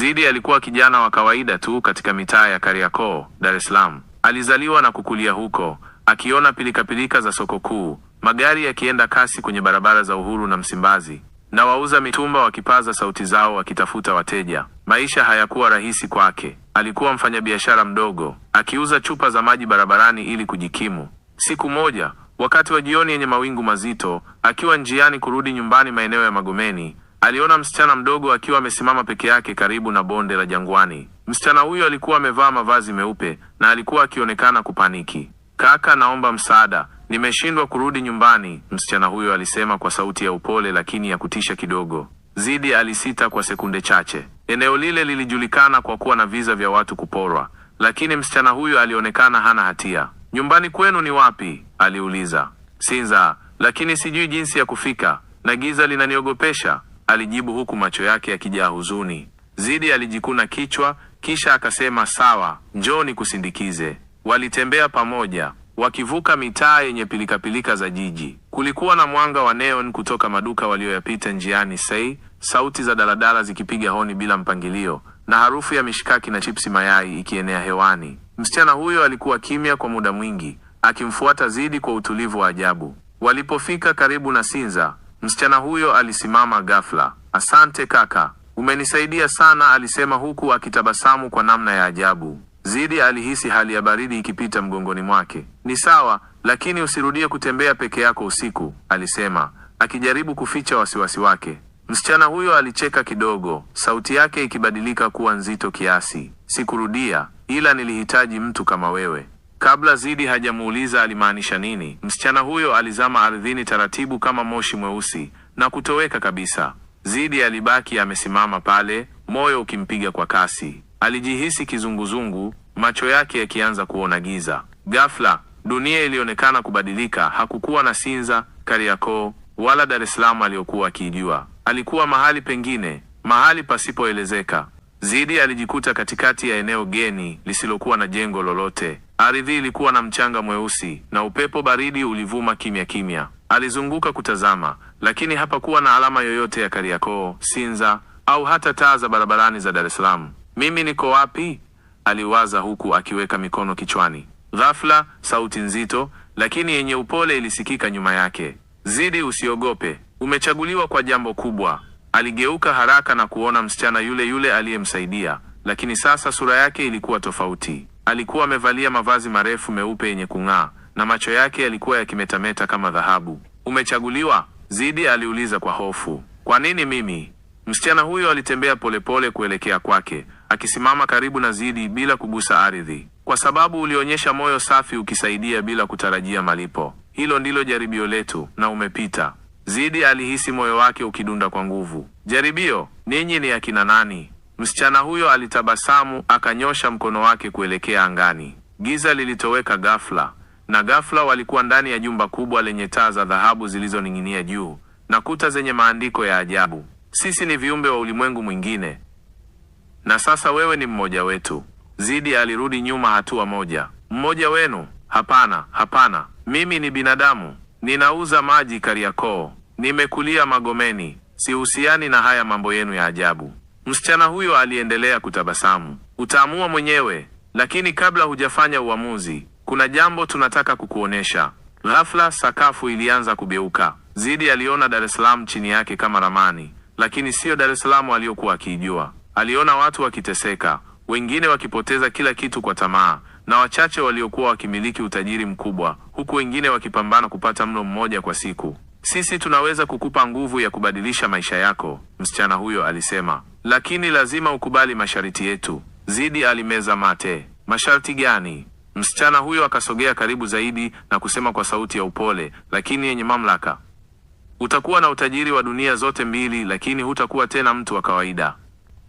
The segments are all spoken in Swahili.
Zidi alikuwa kijana wa kawaida tu katika mitaa ya Kariakoo, Dar es Salaam. Alizaliwa na kukulia huko, akiona pilikapilika za soko kuu, magari yakienda kasi kwenye barabara za Uhuru na Msimbazi, na wauza mitumba wakipaza sauti zao wakitafuta wateja. Maisha hayakuwa rahisi kwake. Alikuwa mfanyabiashara mdogo, akiuza chupa za maji barabarani ili kujikimu. Siku moja, wakati wa jioni yenye mawingu mazito, akiwa njiani kurudi nyumbani maeneo ya Magomeni, Aliona msichana mdogo akiwa amesimama peke yake karibu na bonde la jangwani. Msichana huyo alikuwa amevaa mavazi meupe na alikuwa akionekana kupaniki. Kaka, naomba msaada, nimeshindwa kurudi nyumbani, msichana huyo alisema kwa sauti ya upole lakini ya kutisha kidogo. Zidi alisita kwa sekunde chache. Eneo lile lilijulikana kwa kuwa na visa vya watu kuporwa, lakini msichana huyo alionekana hana hatia. Nyumbani kwenu ni wapi? aliuliza. Sinza, lakini sijui jinsi ya kufika na giza linaniogopesha alijibu huku macho yake yakijaa huzuni. Zidi alijikuna kichwa, kisha akasema sawa, njoo nikusindikize. Walitembea pamoja wakivuka mitaa yenye pilikapilika za jiji. Kulikuwa na mwanga wa neon kutoka maduka walioyapita njiani, sei sauti za daladala zikipiga honi bila mpangilio, na harufu ya mishikaki na chipsi mayai ikienea hewani. Msichana huyo alikuwa kimya kwa muda mwingi, akimfuata Zidi kwa utulivu wa ajabu. Walipofika karibu na Sinza, Msichana huyo alisimama ghafla. Asante kaka, umenisaidia sana, alisema huku akitabasamu kwa namna ya ajabu. Zidi alihisi hali ya baridi ikipita mgongoni mwake. Ni sawa, lakini usirudie kutembea peke yako usiku, alisema akijaribu kuficha wasiwasi wake. Msichana huyo alicheka kidogo, sauti yake ikibadilika kuwa nzito kiasi. Sikurudia, ila nilihitaji mtu kama wewe. Kabla Zidi hajamuuliza alimaanisha nini, msichana huyo alizama ardhini taratibu kama moshi mweusi na kutoweka kabisa. Zidi alibaki amesimama pale, moyo ukimpiga kwa kasi. Alijihisi kizunguzungu, macho yake yakianza kuona giza. Ghafla dunia ilionekana kubadilika. Hakukuwa na Sinza, Kariakoo wala Dar es Salaam aliyokuwa akiijua. Alikuwa mahali pengine, mahali pasipoelezeka. Zidi alijikuta katikati ya eneo geni lisilokuwa na jengo lolote. Ardhi ilikuwa na mchanga mweusi na upepo baridi ulivuma kimya kimya. Alizunguka kutazama, lakini hapakuwa na alama yoyote ya Kariakoo, Sinza au hata taa za barabarani za Dar es Salaam. Mimi niko wapi? Aliwaza huku akiweka mikono kichwani. Ghafla sauti nzito lakini yenye upole ilisikika nyuma yake. Zidi, usiogope, umechaguliwa kwa jambo kubwa. Aligeuka haraka na kuona msichana yule yule aliyemsaidia, lakini sasa sura yake ilikuwa tofauti. Alikuwa amevalia mavazi marefu meupe yenye kung'aa na macho yake yalikuwa yakimetameta kama dhahabu. Umechaguliwa? Zidi aliuliza kwa hofu. Kwa nini mimi? Msichana huyo alitembea polepole kuelekea kwake, akisimama karibu na Zidi bila kugusa ardhi. Kwa sababu ulionyesha moyo safi ukisaidia bila kutarajia malipo. Hilo ndilo jaribio letu na umepita. Zidi alihisi moyo wake ukidunda kwa nguvu. Jaribio, ninyi ni akina nani? Msichana huyo alitabasamu, akanyosha mkono wake kuelekea angani. Giza lilitoweka ghafla, na ghafla walikuwa ndani ya jumba kubwa lenye taa za dhahabu zilizoning'inia juu na kuta zenye maandiko ya ajabu. Sisi ni viumbe wa ulimwengu mwingine, na sasa wewe ni mmoja wetu. Zidi alirudi nyuma hatua moja. Mmoja wenu? Hapana, hapana, mimi ni binadamu, ninauza maji Kariakoo. Nimekulia Magomeni, sihusiani na haya mambo yenu ya ajabu. Msichana huyo aliendelea kutabasamu. Utaamua mwenyewe, lakini kabla hujafanya uamuzi, kuna jambo tunataka kukuonesha. Ghafla sakafu ilianza kugeuka. Zidi aliona Dar es Salaam chini yake kama ramani, lakini siyo Dar es Salaam aliyokuwa akiijua. Aliona watu wakiteseka, wengine wakipoteza kila kitu kwa tamaa, na wachache waliokuwa wakimiliki utajiri mkubwa, huku wengine wakipambana kupata mlo mmoja kwa siku. Sisi tunaweza kukupa nguvu ya kubadilisha maisha yako, msichana huyo alisema, lakini lazima ukubali masharti yetu. Zidi alimeza mate. Masharti gani? Msichana huyo akasogea karibu zaidi na kusema kwa sauti ya upole lakini yenye mamlaka. Utakuwa na utajiri wa dunia zote mbili, lakini hutakuwa tena mtu wa kawaida.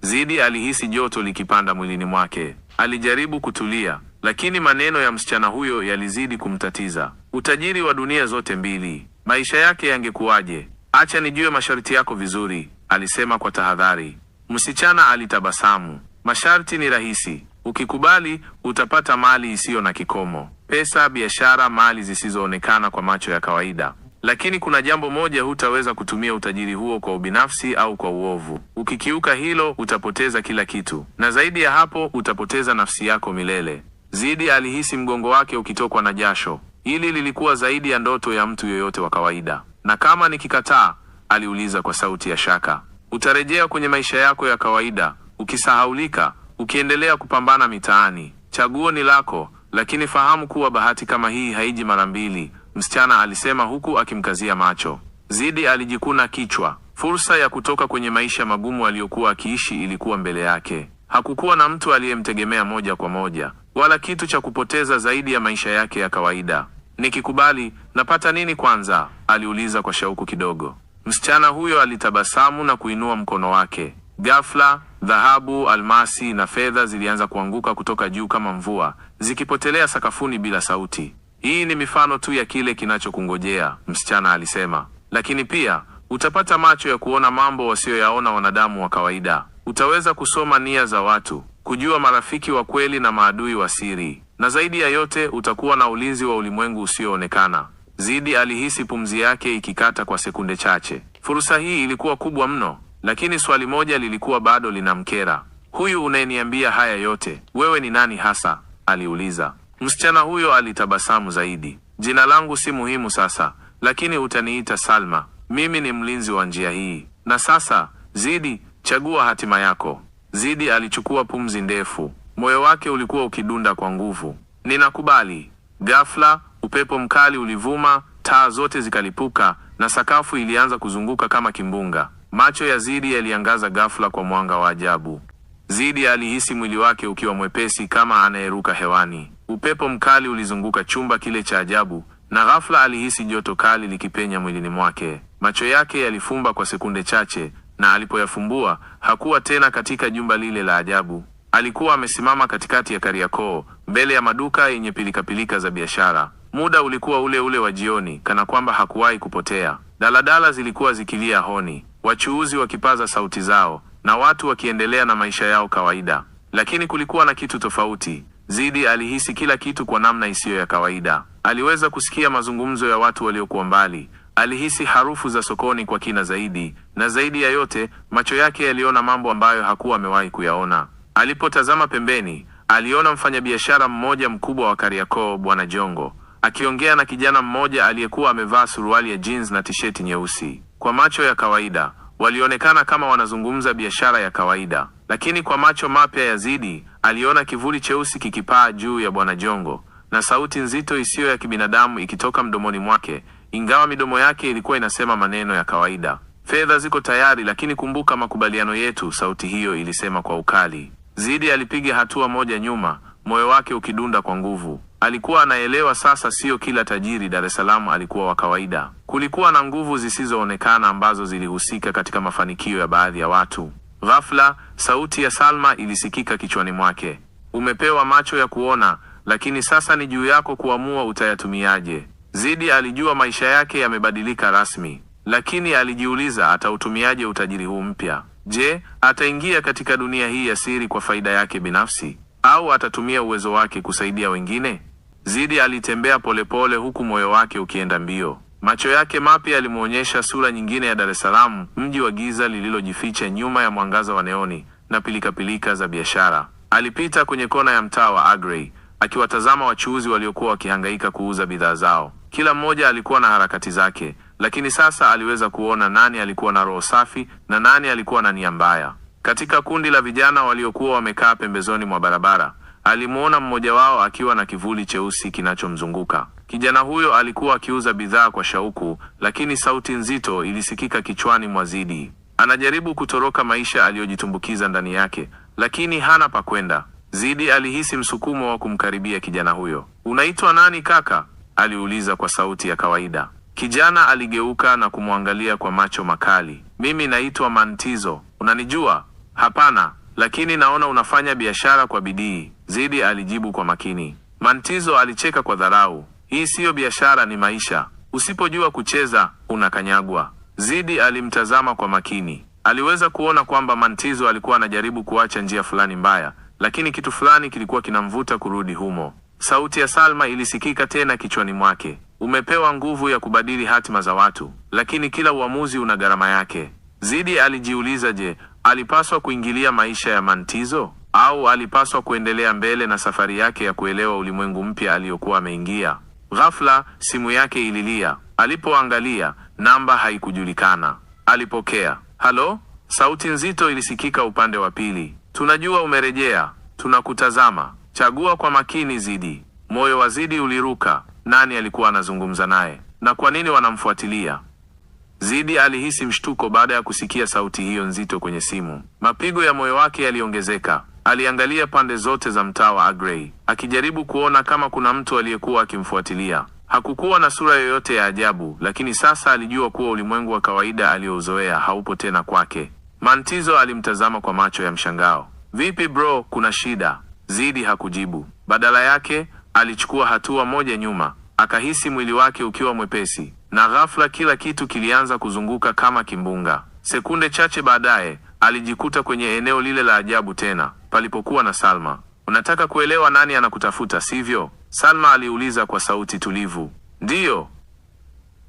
Zidi alihisi joto likipanda mwilini mwake. Alijaribu kutulia, lakini maneno ya msichana huyo yalizidi kumtatiza. Utajiri wa dunia zote mbili? Maisha yake yangekuwaje? Acha nijue masharti yako vizuri, alisema kwa tahadhari. Msichana alitabasamu. Masharti ni rahisi, ukikubali utapata mali isiyo na kikomo, pesa, biashara, mali zisizoonekana kwa macho ya kawaida. Lakini kuna jambo moja, hutaweza kutumia utajiri huo kwa ubinafsi au kwa uovu. Ukikiuka hilo, utapoteza kila kitu, na zaidi ya hapo, utapoteza nafsi yako milele. Zidi alihisi mgongo wake ukitokwa na jasho. Hili lilikuwa zaidi ya ndoto ya mtu yoyote wa kawaida. Na kama nikikataa, aliuliza kwa sauti ya shaka, utarejea kwenye maisha yako ya kawaida, ukisahaulika, ukiendelea kupambana mitaani. Chaguo ni lako, lakini fahamu kuwa bahati kama hii haiji mara mbili, msichana alisema huku akimkazia macho. Zidi alijikuna kichwa. Fursa ya kutoka kwenye maisha magumu aliyokuwa akiishi ilikuwa mbele yake. Hakukuwa na mtu aliyemtegemea moja kwa moja, wala kitu cha kupoteza zaidi ya maisha yake ya kawaida. Nikikubali napata nini kwanza? aliuliza kwa shauku kidogo. Msichana huyo alitabasamu na kuinua mkono wake. Ghafla dhahabu, almasi na fedha zilianza kuanguka kutoka juu kama mvua, zikipotelea sakafuni bila sauti. Hii ni mifano tu ya kile kinachokungojea, msichana alisema, lakini pia utapata macho ya kuona mambo wasiyoyaona wanadamu wa kawaida. Utaweza kusoma nia za watu, kujua marafiki wa kweli na maadui wa siri, na zaidi ya yote utakuwa na ulinzi wa ulimwengu usioonekana. Zidi alihisi pumzi yake ikikata kwa sekunde chache. Fursa hii ilikuwa kubwa mno, lakini swali moja lilikuwa bado linamkera. Huyu unayeniambia haya yote, wewe ni nani hasa? aliuliza. Msichana huyo alitabasamu zaidi. Jina langu si muhimu sasa, lakini utaniita Salma. Mimi ni mlinzi wa njia hii. Na sasa, Zidi, Chagua hatima yako. Zidi alichukua pumzi ndefu, moyo wake ulikuwa ukidunda kwa nguvu. Ninakubali. Ghafla upepo mkali ulivuma, taa zote zikalipuka na sakafu ilianza kuzunguka kama kimbunga. Macho ya Zidi yaliangaza ghafla kwa mwanga wa ajabu. Zidi alihisi mwili wake ukiwa mwepesi kama anayeruka hewani. Upepo mkali ulizunguka chumba kile cha ajabu, na ghafla alihisi joto kali likipenya mwilini mwake. Macho yake yalifumba kwa sekunde chache, na alipoyafumbua hakuwa tena katika jumba lile la ajabu. Alikuwa amesimama katikati ya Kariakoo, mbele ya maduka yenye pilikapilika za biashara. Muda ulikuwa ule ule wa jioni, kana kwamba hakuwahi kupotea. Daladala zilikuwa zikilia honi, wachuuzi wakipaza sauti zao, na watu wakiendelea na maisha yao kawaida. Lakini kulikuwa na kitu tofauti. Zidi alihisi kila kitu kwa namna isiyo ya kawaida. Aliweza kusikia mazungumzo ya watu waliokuwa mbali Alihisi harufu za sokoni kwa kina zaidi, na zaidi ya yote macho yake yaliona mambo ambayo hakuwa amewahi kuyaona. Alipotazama pembeni, aliona mfanyabiashara mmoja mkubwa wa Kariakoo, Bwana Jongo, akiongea na kijana mmoja aliyekuwa amevaa suruali ya jeans na tisheti nyeusi. Kwa macho ya kawaida walionekana kama wanazungumza biashara ya kawaida, lakini kwa macho mapya ya Zidi aliona kivuli cheusi kikipaa juu ya Bwana Jongo na sauti nzito isiyo ya kibinadamu ikitoka mdomoni mwake ingawa midomo yake ilikuwa inasema maneno ya kawaida, fedha ziko tayari, lakini kumbuka makubaliano yetu, sauti hiyo ilisema kwa ukali. Zidi alipiga hatua moja nyuma, moyo wake ukidunda kwa nguvu. Alikuwa anaelewa sasa, sio kila tajiri Dar es Salaam alikuwa wa kawaida. Kulikuwa na nguvu zisizoonekana ambazo zilihusika katika mafanikio ya baadhi ya watu. Ghafla, sauti ya Salma ilisikika kichwani mwake. Umepewa macho ya kuona, lakini sasa ni juu yako kuamua utayatumiaje. Zidi alijua maisha yake yamebadilika rasmi, lakini alijiuliza atautumiaje utajiri huu mpya? Je, ataingia katika dunia hii ya siri kwa faida yake binafsi au atatumia uwezo wake kusaidia wengine? Zidi alitembea polepole huku moyo wake ukienda mbio. Macho yake mapya yalimwonyesha sura nyingine ya Dar es Salaam, mji wa giza lililojificha nyuma ya mwangaza wa neoni na pilikapilika za biashara. Alipita kwenye kona ya mtaa wa Agrey, akiwatazama wachuuzi waliokuwa wakihangaika kuuza bidhaa zao. Kila mmoja alikuwa na harakati zake, lakini sasa aliweza kuona nani alikuwa na roho safi na nani alikuwa na nia mbaya. Katika kundi la vijana waliokuwa wamekaa pembezoni mwa barabara, alimuona mmoja wao akiwa na kivuli cheusi kinachomzunguka. Kijana huyo alikuwa akiuza bidhaa kwa shauku, lakini sauti nzito ilisikika kichwani mwa Zidi. Anajaribu kutoroka maisha aliyojitumbukiza ndani yake, lakini hana pa kwenda. Zidi alihisi msukumo wa kumkaribia kijana huyo. Unaitwa nani kaka? aliuliza kwa sauti ya kawaida. Kijana aligeuka na kumwangalia kwa macho makali. Mimi naitwa Mantizo, unanijua? Hapana, lakini naona unafanya biashara kwa bidii, Zidi alijibu kwa makini. Mantizo alicheka kwa dharau. Hii siyo biashara, ni maisha. Usipojua kucheza unakanyagwa. Zidi alimtazama kwa makini. Aliweza kuona kwamba Mantizo alikuwa anajaribu kuacha njia fulani mbaya, lakini kitu fulani kilikuwa kinamvuta kurudi humo. Sauti ya Salma ilisikika tena kichwani mwake. Umepewa nguvu ya kubadili hatima za watu, lakini kila uamuzi una gharama yake. Zidi alijiuliza, je, alipaswa kuingilia maisha ya Mantizo au alipaswa kuendelea mbele na safari yake ya kuelewa ulimwengu mpya aliyokuwa ameingia? Ghafla simu yake ililia. Alipoangalia namba haikujulikana. Alipokea. Halo? Sauti nzito ilisikika upande wa pili. Tunajua umerejea, tunakutazama. Chagua kwa makini Zidi. Moyo wa Zidi uliruka. Nani alikuwa anazungumza naye na kwa nini wanamfuatilia? Zidi alihisi mshtuko baada ya kusikia sauti hiyo nzito kwenye simu. Mapigo ya moyo wake yaliongezeka. Aliangalia pande zote za mtaa wa Agrey akijaribu kuona kama kuna mtu aliyekuwa akimfuatilia. Hakukuwa na sura yoyote ya ajabu, lakini sasa alijua kuwa ulimwengu wa kawaida aliyouzoea haupo tena kwake. Mantizo alimtazama kwa macho ya mshangao. Vipi bro, kuna shida? Zidi hakujibu, badala yake alichukua hatua moja nyuma. Akahisi mwili wake ukiwa mwepesi, na ghafla kila kitu kilianza kuzunguka kama kimbunga. Sekunde chache baadaye alijikuta kwenye eneo lile la ajabu tena, palipokuwa na Salma. Unataka kuelewa nani anakutafuta, sivyo? Salma aliuliza kwa sauti tulivu. Ndiyo,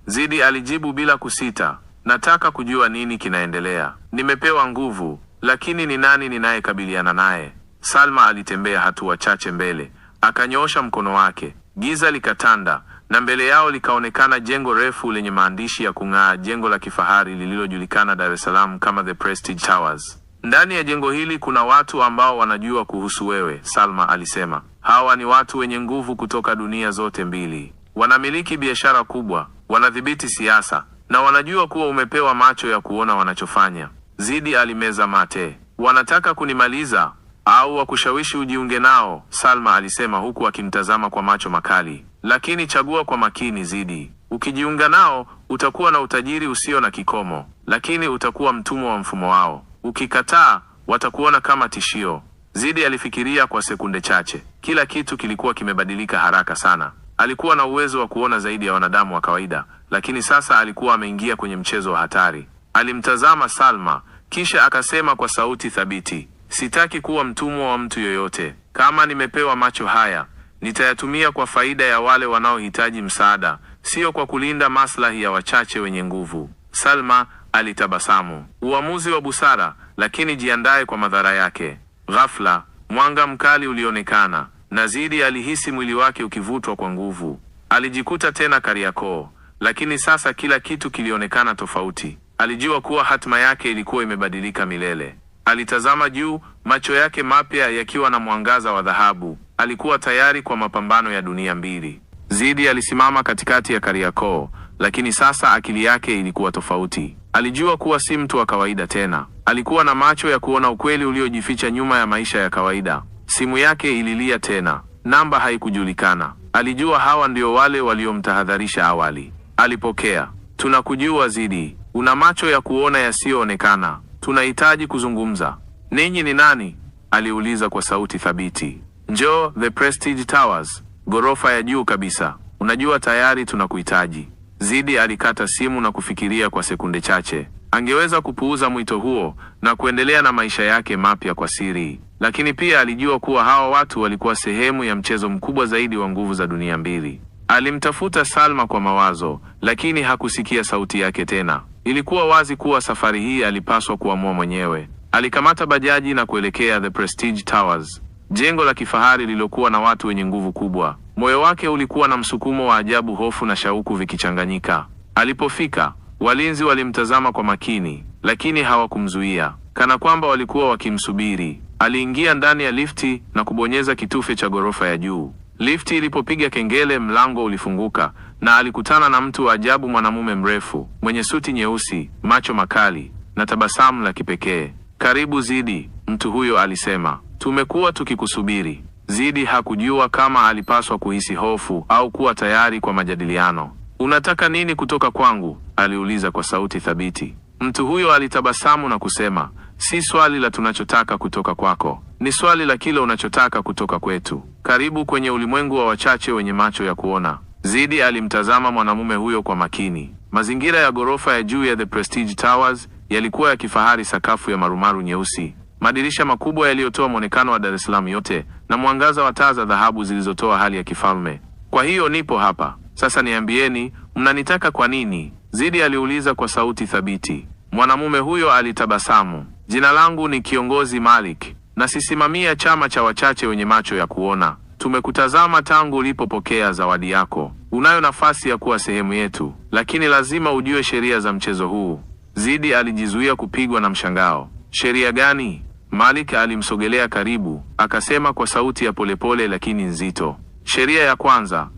Zidi alijibu bila kusita. Nataka kujua nini kinaendelea. Nimepewa nguvu, lakini ni nani ninayekabiliana naye? Salma alitembea hatua chache mbele, akanyoosha mkono wake. Giza likatanda na mbele yao likaonekana jengo refu lenye maandishi ya kung'aa, jengo la kifahari lililojulikana Dar es Salaam kama The Prestige Towers. Ndani ya jengo hili kuna watu ambao wanajua kuhusu wewe, Salma alisema. Hawa ni watu wenye nguvu kutoka dunia zote mbili, wanamiliki biashara kubwa, wanadhibiti siasa na wanajua kuwa umepewa macho ya kuona wanachofanya. Zidi alimeza mate. Wanataka kunimaliza, au wakushawishi ujiunge nao, Salma alisema huku akimtazama kwa macho makali. Lakini chagua kwa makini Zidi. Ukijiunga nao utakuwa na utajiri usio na kikomo, lakini utakuwa mtumwa wa mfumo wao. Ukikataa watakuona kama tishio. Zidi alifikiria kwa sekunde chache. Kila kitu kilikuwa kimebadilika haraka sana. Alikuwa na uwezo wa kuona zaidi ya wanadamu wa kawaida, lakini sasa alikuwa ameingia kwenye mchezo wa hatari. Alimtazama Salma kisha akasema kwa sauti thabiti, Sitaki kuwa mtumwa wa mtu yoyote. Kama nimepewa macho haya, nitayatumia kwa faida ya wale wanaohitaji msaada, sio kwa kulinda maslahi ya wachache wenye nguvu. Salma alitabasamu. Uamuzi wa busara, lakini jiandaye kwa madhara yake. Ghafla mwanga mkali ulionekana. Zidi alihisi mwili wake ukivutwa kwa nguvu. Alijikuta tena Kariakoo, lakini sasa kila kitu kilionekana tofauti. Alijua kuwa hatima yake ilikuwa imebadilika milele. Alitazama juu, macho yake mapya yakiwa na mwangaza wa dhahabu. Alikuwa tayari kwa mapambano ya dunia mbili. Zidi alisimama katikati ya Kariakoo, lakini sasa akili yake ilikuwa tofauti. Alijua kuwa si mtu wa kawaida tena. Alikuwa na macho ya kuona ukweli uliojificha nyuma ya maisha ya kawaida. Simu yake ililia tena, namba haikujulikana. Alijua hawa ndio wale waliomtahadharisha awali. Alipokea. Tunakujua Zidi, una macho ya kuona yasiyoonekana tunahitaji kuzungumza. Ninyi ni nani? aliuliza kwa sauti thabiti. Njoo The Prestige Towers, ghorofa ya juu kabisa. Unajua tayari tunakuhitaji. Zidi alikata simu na kufikiria kwa sekunde chache. Angeweza kupuuza mwito huo na kuendelea na maisha yake mapya kwa siri, lakini pia alijua kuwa hawa watu walikuwa sehemu ya mchezo mkubwa zaidi wa nguvu za dunia mbili. Alimtafuta Salma kwa mawazo, lakini hakusikia sauti yake tena. Ilikuwa wazi kuwa safari hii alipaswa kuamua mwenyewe. Alikamata bajaji na kuelekea The Prestige Towers, jengo la kifahari lililokuwa na watu wenye nguvu kubwa. Moyo wake ulikuwa na msukumo wa ajabu, hofu na shauku vikichanganyika. Alipofika, walinzi walimtazama kwa makini, lakini hawakumzuia, kana kwamba walikuwa wakimsubiri. Aliingia ndani ya lifti na kubonyeza kitufe cha ghorofa ya juu. Lifti ilipopiga kengele, mlango ulifunguka na alikutana na mtu wa ajabu, mwanamume mrefu mwenye suti nyeusi, macho makali na tabasamu la kipekee. Karibu Zidi, mtu huyo alisema, tumekuwa tukikusubiri. Zidi hakujua kama alipaswa kuhisi hofu au kuwa tayari kwa majadiliano. Unataka nini kutoka kwangu? aliuliza kwa sauti thabiti. Mtu huyo alitabasamu na kusema, si swali la tunachotaka kutoka kwako, ni swali la kile unachotaka kutoka kwetu. Karibu kwenye ulimwengu wa wachache wenye macho ya kuona. Zidi alimtazama mwanamume huyo kwa makini. Mazingira ya ghorofa ya juu ya The Prestige Towers yalikuwa ya kifahari, sakafu ya marumaru nyeusi, madirisha makubwa yaliyotoa mwonekano wa Dar es Salaam yote, na mwangaza wa taa za dhahabu zilizotoa hali ya kifalme. Kwa hiyo nipo hapa sasa, niambieni, mnanitaka kwa nini? Zidi aliuliza kwa sauti thabiti. Mwanamume huyo alitabasamu. Jina langu ni Kiongozi Malik, na sisimamia chama cha wachache wenye macho ya kuona. Tumekutazama tangu ulipopokea zawadi yako. Unayo nafasi ya kuwa sehemu yetu, lakini lazima ujue sheria za mchezo huu. Zidi alijizuia kupigwa na mshangao. Sheria gani? Malik alimsogelea karibu, akasema kwa sauti ya polepole lakini nzito. Sheria ya kwanza,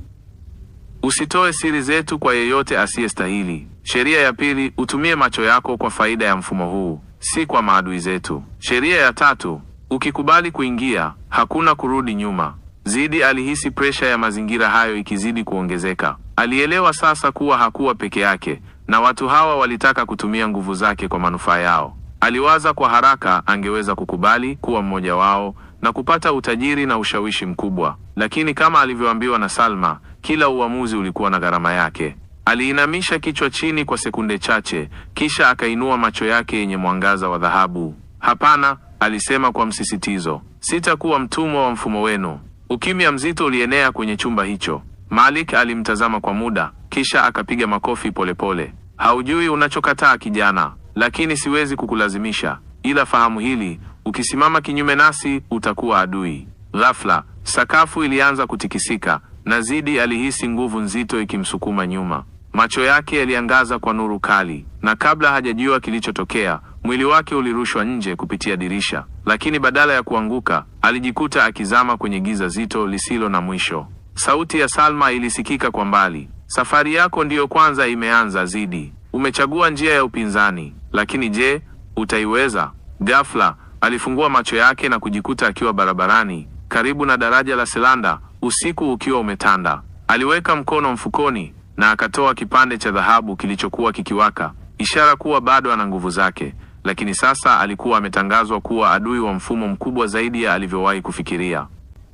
usitoe siri zetu kwa yeyote asiyestahili. Sheria ya pili, utumie macho yako kwa faida ya mfumo huu, si kwa maadui zetu. Sheria ya tatu, ukikubali kuingia, hakuna kurudi nyuma. Zidi alihisi presha ya mazingira hayo ikizidi kuongezeka. Alielewa sasa kuwa hakuwa peke yake na watu hawa walitaka kutumia nguvu zake kwa manufaa yao. Aliwaza kwa haraka angeweza kukubali kuwa mmoja wao na kupata utajiri na ushawishi mkubwa, lakini kama alivyoambiwa na Salma, kila uamuzi ulikuwa na gharama yake. Aliinamisha kichwa chini kwa sekunde chache, kisha akainua macho yake yenye mwangaza wa dhahabu. Hapana, alisema kwa msisitizo, sitakuwa mtumwa wa mfumo wenu. Ukimya mzito ulienea kwenye chumba hicho. Malik alimtazama kwa muda, kisha akapiga makofi polepole. Haujui unachokataa kijana, lakini siwezi kukulazimisha, ila fahamu hili, ukisimama kinyume nasi utakuwa adui. Ghafla sakafu ilianza kutikisika na Zidi alihisi nguvu nzito ikimsukuma nyuma. Macho yake yaliangaza kwa nuru kali, na kabla hajajua kilichotokea, mwili wake ulirushwa nje kupitia dirisha, lakini badala ya kuanguka, alijikuta akizama kwenye giza zito lisilo na mwisho. Sauti ya Salma ilisikika kwa mbali, safari yako ndiyo kwanza imeanza. Zidi umechagua njia ya upinzani, lakini je, utaiweza? Ghafla alifungua macho yake na kujikuta akiwa barabarani karibu na daraja la Selanda, usiku ukiwa umetanda. Aliweka mkono mfukoni na akatoa kipande cha dhahabu kilichokuwa kikiwaka, ishara kuwa bado ana nguvu zake, lakini sasa alikuwa ametangazwa kuwa adui wa mfumo mkubwa zaidi ya alivyowahi kufikiria.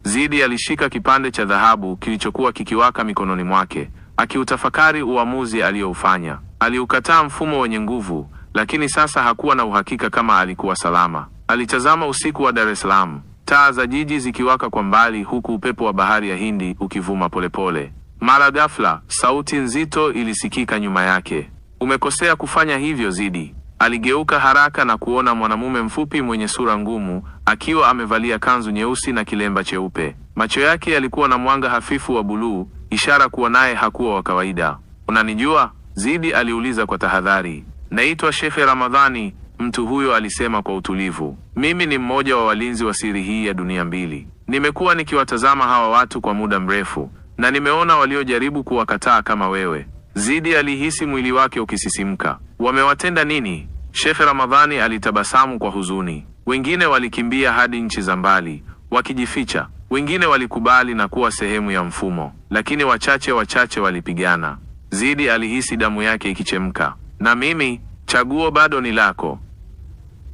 Zidi alishika kipande cha dhahabu kilichokuwa kikiwaka mikononi mwake, akiutafakari uamuzi aliyoufanya. Aliukataa mfumo wenye nguvu, lakini sasa hakuwa na uhakika kama alikuwa salama. Alitazama usiku wa Dar es Salaam, taa za jiji zikiwaka kwa mbali, huku upepo wa bahari ya Hindi ukivuma polepole pole. Mara ghafla sauti nzito ilisikika nyuma yake. Umekosea kufanya hivyo Zidi. Aligeuka haraka na kuona mwanamume mfupi mwenye sura ngumu akiwa amevalia kanzu nyeusi na kilemba cheupe. Macho yake yalikuwa na mwanga hafifu wa buluu, ishara kuwa naye hakuwa wa kawaida. Unanijua? Zidi aliuliza kwa tahadhari. Naitwa Shefe Ramadhani, mtu huyo alisema kwa utulivu. Mimi ni mmoja wa walinzi wa siri hii ya dunia mbili. Nimekuwa nikiwatazama hawa watu kwa muda mrefu na nimeona waliojaribu kuwakataa kama wewe. Zidi alihisi mwili wake ukisisimka. Wamewatenda nini? Shefe Ramadhani alitabasamu kwa huzuni. Wengine walikimbia hadi nchi za mbali wakijificha, wengine walikubali na kuwa sehemu ya mfumo, lakini wachache wachache walipigana. Zidi alihisi damu yake ikichemka. Na mimi, chaguo bado ni lako,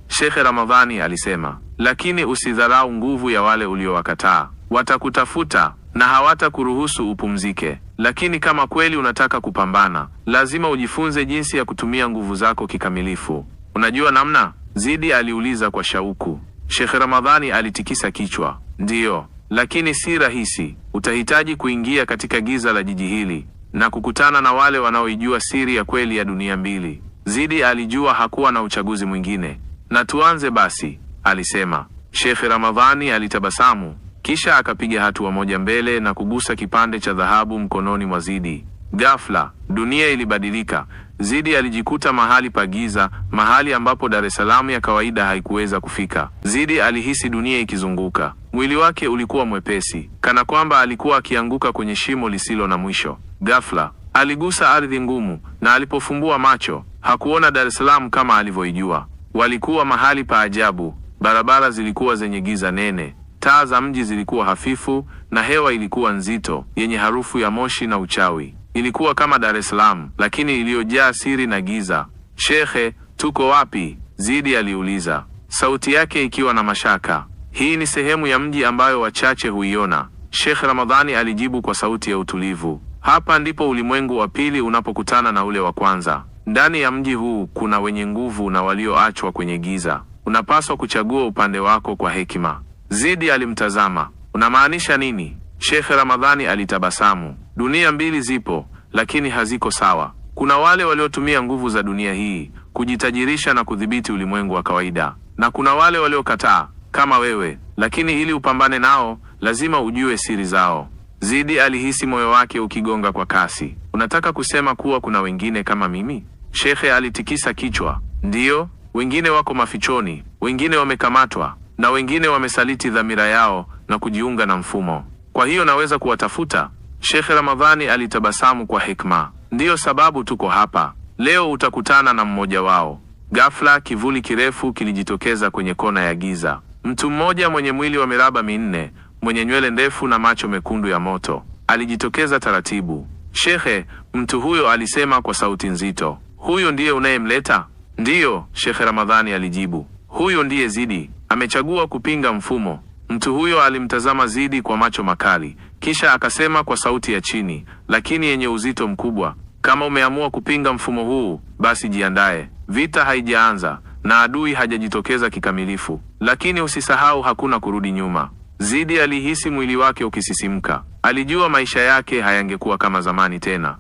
shekhe Ramadhani alisema, lakini usidharau nguvu ya wale uliowakataa. Watakutafuta na hawatakuruhusu upumzike. Lakini kama kweli unataka kupambana, lazima ujifunze jinsi ya kutumia nguvu zako kikamilifu. Unajua namna? Zidi aliuliza kwa shauku. Sheikh Ramadhani alitikisa kichwa. Ndiyo, lakini si rahisi. Utahitaji kuingia katika giza la jiji hili na kukutana na wale wanaoijua siri ya kweli ya dunia mbili. Zidi alijua hakuwa na uchaguzi mwingine. Na tuanze basi, alisema. Sheikh Ramadhani alitabasamu kisha akapiga hatua moja mbele na kugusa kipande cha dhahabu mkononi mwa Zidi. Ghafla dunia ilibadilika. Zidi alijikuta mahali pa giza, mahali ambapo Dar es Salaam ya kawaida haikuweza kufika. Zidi alihisi dunia ikizunguka. Mwili wake ulikuwa mwepesi, kana kwamba alikuwa akianguka kwenye shimo lisilo na mwisho. Ghafla aligusa ardhi ngumu, na alipofumbua macho hakuona Dar es Salaam kama alivyoijua. Walikuwa mahali pa ajabu, barabara zilikuwa zenye giza nene Taa za mji zilikuwa hafifu na hewa ilikuwa nzito, yenye harufu ya moshi na uchawi. Ilikuwa kama Dar es Salaam, lakini iliyojaa siri na giza. Shekhe, tuko wapi? Zidi aliuliza, sauti yake ikiwa na mashaka. Hii ni sehemu ya mji ambayo wachache huiona, Sheikh Ramadhani alijibu kwa sauti ya utulivu. Hapa ndipo ulimwengu wa pili unapokutana na ule wa kwanza. Ndani ya mji huu kuna wenye nguvu na walioachwa kwenye giza. Unapaswa kuchagua upande wako kwa hekima. Zidi alimtazama. Unamaanisha nini? Shekhe Ramadhani alitabasamu. Dunia mbili zipo, lakini haziko sawa. Kuna wale waliotumia nguvu za dunia hii kujitajirisha na kudhibiti ulimwengu wa kawaida, na kuna wale waliokataa kama wewe, lakini ili upambane nao lazima ujue siri zao. Zidi alihisi moyo wake ukigonga kwa kasi. Unataka kusema kuwa kuna wengine kama mimi? Shekhe alitikisa kichwa. Ndiyo, wengine wako mafichoni, wengine wamekamatwa na wengine wamesaliti dhamira yao na kujiunga na mfumo. Kwa hiyo naweza kuwatafuta. Sheikh Ramadhani alitabasamu kwa hikma. Ndiyo sababu tuko hapa leo, utakutana na mmoja wao. Ghafla kivuli kirefu kilijitokeza kwenye kona ya giza, mtu mmoja mwenye mwili wa miraba minne, mwenye nywele ndefu na macho mekundu ya moto alijitokeza taratibu. Shekhe, mtu huyo alisema kwa sauti nzito. Huyo ndiye unayemleta? Ndiyo, Shekhe Ramadhani alijibu. Huyo ndiye Zidi. Amechagua kupinga mfumo. Mtu huyo alimtazama Zidi kwa macho makali, kisha akasema kwa sauti ya chini lakini yenye uzito mkubwa, kama umeamua kupinga mfumo huu, basi jiandae, vita haijaanza na adui hajajitokeza kikamilifu, lakini usisahau, hakuna kurudi nyuma. Zidi alihisi mwili wake ukisisimka, alijua maisha yake hayangekuwa kama zamani tena.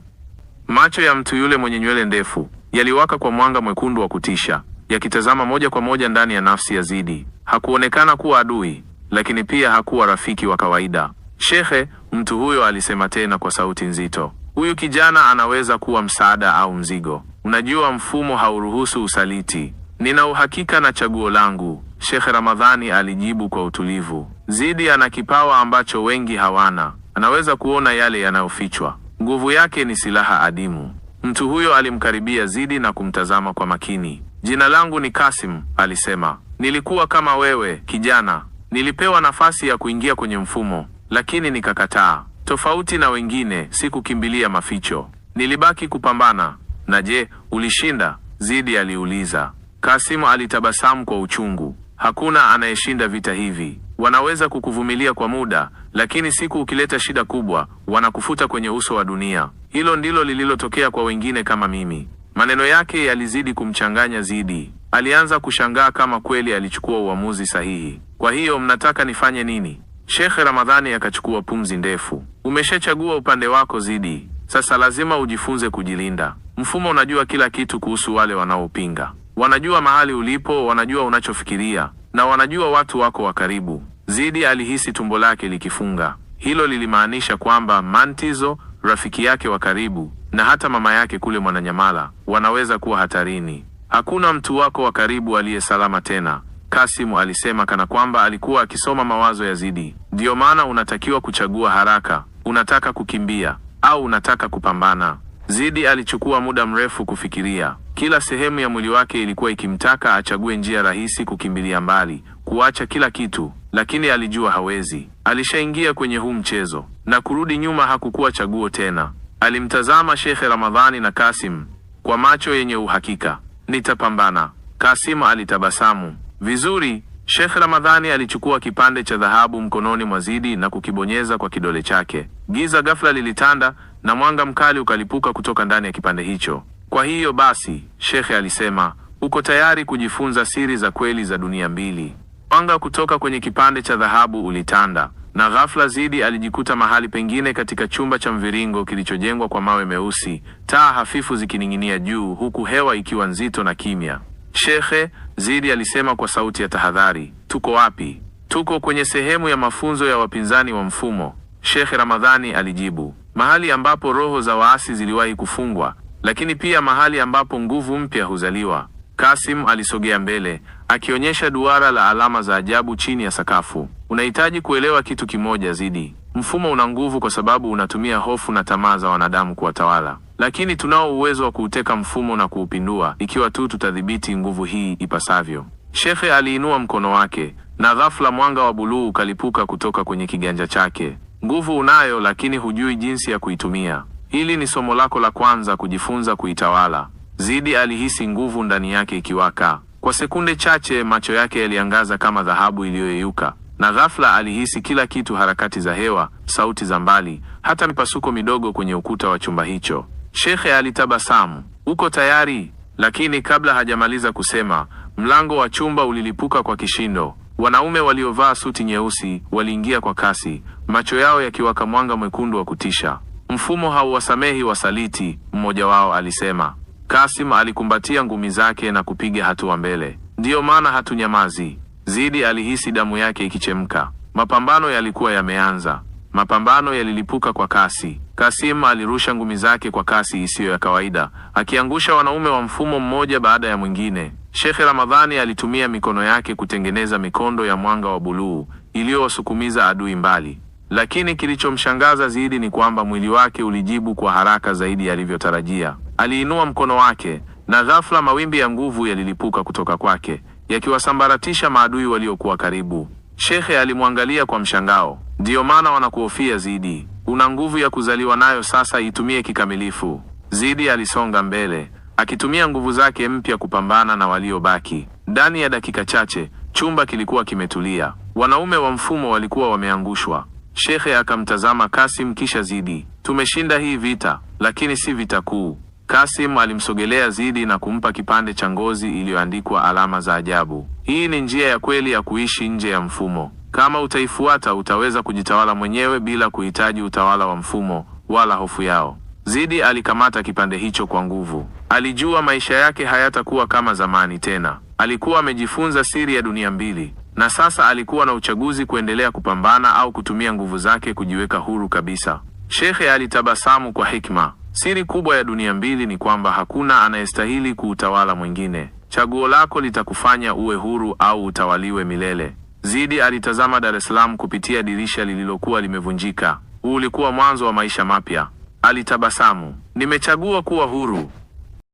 Macho ya mtu yule mwenye nywele ndefu yaliwaka kwa mwanga mwekundu wa kutisha yakitazama moja kwa moja ndani ya nafsi ya Zidi. Hakuonekana kuwa adui, lakini pia hakuwa rafiki wa kawaida. Shekhe, mtu huyo alisema tena kwa sauti nzito, huyu kijana anaweza kuwa msaada au mzigo. Unajua, mfumo hauruhusu usaliti. Nina uhakika na chaguo langu, Shekhe Ramadhani alijibu kwa utulivu. Zidi ana kipawa ambacho wengi hawana, anaweza kuona yale yanayofichwa. Nguvu yake ni silaha adimu. Mtu huyo alimkaribia Zidi na kumtazama kwa makini. Jina langu ni Kasim, alisema. Nilikuwa kama wewe kijana, nilipewa nafasi ya kuingia kwenye mfumo, lakini nikakataa. Tofauti na wengine, sikukimbilia maficho, nilibaki kupambana. Na je, ulishinda? Zidi aliuliza. Kasim alitabasamu kwa uchungu. Hakuna anayeshinda vita hivi. Wanaweza kukuvumilia kwa muda, lakini siku ukileta shida kubwa, wanakufuta kwenye uso wa dunia. Hilo ndilo lililotokea kwa wengine kama mimi. Maneno yake yalizidi kumchanganya Zidi. Alianza kushangaa kama kweli alichukua uamuzi sahihi. Kwa hiyo mnataka nifanye nini? Sheikh Ramadhani akachukua pumzi ndefu. Umeshachagua upande wako Zidi, sasa lazima ujifunze kujilinda. Mfumo unajua kila kitu kuhusu wale wanaopinga, wanajua mahali ulipo, wanajua unachofikiria na wanajua watu wako wa karibu. Zidi alihisi tumbo lake likifunga. Hilo lilimaanisha kwamba Mantizo rafiki yake wa karibu na hata mama yake kule Mwananyamala wanaweza kuwa hatarini. Hakuna mtu wako wa karibu aliye salama tena, Kasimu alisema, kana kwamba alikuwa akisoma mawazo ya Zidi. Ndiyo maana unatakiwa kuchagua haraka. Unataka kukimbia au unataka kupambana? Zidi alichukua muda mrefu kufikiria. Kila sehemu ya mwili wake ilikuwa ikimtaka achague njia rahisi, kukimbilia mbali kuacha kila kitu, lakini alijua hawezi. Alishaingia kwenye huu mchezo na kurudi nyuma hakukuwa chaguo tena. Alimtazama Shekhe Ramadhani na Kasim kwa macho yenye uhakika. Nitapambana. Kasim alitabasamu. Vizuri. Shekh Ramadhani alichukua kipande cha dhahabu mkononi mwa Zidi na kukibonyeza kwa kidole chake. Giza ghafla lilitanda na mwanga mkali ukalipuka kutoka ndani ya kipande hicho. Kwa hiyo basi, Shekhe alisema, uko tayari kujifunza siri za kweli za dunia mbili? Mwanga kutoka kwenye kipande cha dhahabu ulitanda na ghafla Zidi alijikuta mahali pengine katika chumba cha mviringo kilichojengwa kwa mawe meusi, taa hafifu zikining'inia juu, huku hewa ikiwa nzito na kimya. Shekhe, Zidi alisema kwa sauti ya tahadhari, tuko wapi? Tuko kwenye sehemu ya mafunzo ya wapinzani wa mfumo, Shekhe Ramadhani alijibu, mahali ambapo roho za waasi ziliwahi kufungwa, lakini pia mahali ambapo nguvu mpya huzaliwa. Kasim alisogea mbele akionyesha duara la alama za ajabu chini ya sakafu. Unahitaji kuelewa kitu kimoja zidi. Mfumo una nguvu kwa sababu unatumia hofu na tamaa za wanadamu kuwatawala, lakini tunao uwezo wa kuuteka mfumo na kuupindua ikiwa tu tutadhibiti nguvu hii ipasavyo. Shefe aliinua mkono wake na ghafla mwanga wa buluu ukalipuka kutoka kwenye kiganja chake. Nguvu unayo, lakini hujui jinsi ya kuitumia. Hili ni somo lako la kwanza, kujifunza kuitawala. Zidi alihisi nguvu ndani yake ikiwaka. Kwa sekunde chache macho yake yaliangaza kama dhahabu iliyoyeyuka, na ghafla alihisi kila kitu: harakati za hewa, sauti za mbali, hata mipasuko midogo kwenye ukuta wa chumba hicho. Shekhe alitabasamu, uko tayari? Lakini kabla hajamaliza kusema, mlango wa chumba ulilipuka kwa kishindo. Wanaume waliovaa suti nyeusi waliingia kwa kasi, macho yao yakiwaka mwanga mwekundu wa kutisha. Mfumo hauwasamehi wasaliti, mmoja wao alisema. Kasim alikumbatia ngumi zake na kupiga hatua mbele. Ndiyo maana hatunyamazi. Zidi alihisi damu yake ikichemka. Mapambano yalikuwa yameanza. Mapambano yalilipuka kwa kasi. Kasim alirusha ngumi zake kwa kasi isiyo ya kawaida, akiangusha wanaume wa mfumo mmoja baada ya mwingine. Shekhe Ramadhani alitumia mikono yake kutengeneza mikondo ya mwanga wa buluu iliyowasukumiza adui mbali. Lakini kilichomshangaza Zidi ni kwamba mwili wake ulijibu kwa haraka zaidi alivyotarajia. Aliinua mkono wake na ghafla mawimbi ya nguvu yalilipuka kutoka kwake yakiwasambaratisha maadui waliokuwa karibu. Shekhe alimwangalia kwa mshangao. Ndiyo maana wanakuhofia Zidi, una nguvu ya kuzaliwa nayo, sasa itumie kikamilifu. Zidi alisonga mbele akitumia nguvu zake mpya kupambana na waliobaki. Ndani ya dakika chache chumba kilikuwa kimetulia, wanaume wa mfumo walikuwa wameangushwa. Shekhe akamtazama Kasim kisha Zidi. Tumeshinda hii vita, lakini si vita kuu. Kasim alimsogelea Zidi na kumpa kipande cha ngozi iliyoandikwa alama za ajabu. Hii ni njia ya kweli ya kuishi nje ya mfumo. Kama utaifuata, utaweza kujitawala mwenyewe bila kuhitaji utawala wa mfumo wala hofu yao. Zidi alikamata kipande hicho kwa nguvu. Alijua maisha yake hayatakuwa kama zamani tena. Alikuwa amejifunza siri ya dunia mbili, na sasa alikuwa na uchaguzi: kuendelea kupambana au kutumia nguvu zake kujiweka huru kabisa. Shekhe alitabasamu kwa hikma. Siri kubwa ya dunia mbili ni kwamba hakuna anayestahili kuutawala mwingine. Chaguo lako litakufanya uwe huru au utawaliwe milele. Zidi alitazama Dar es Salaam kupitia dirisha lililokuwa limevunjika. Huu ulikuwa mwanzo wa maisha mapya. Alitabasamu. Nimechagua kuwa huru.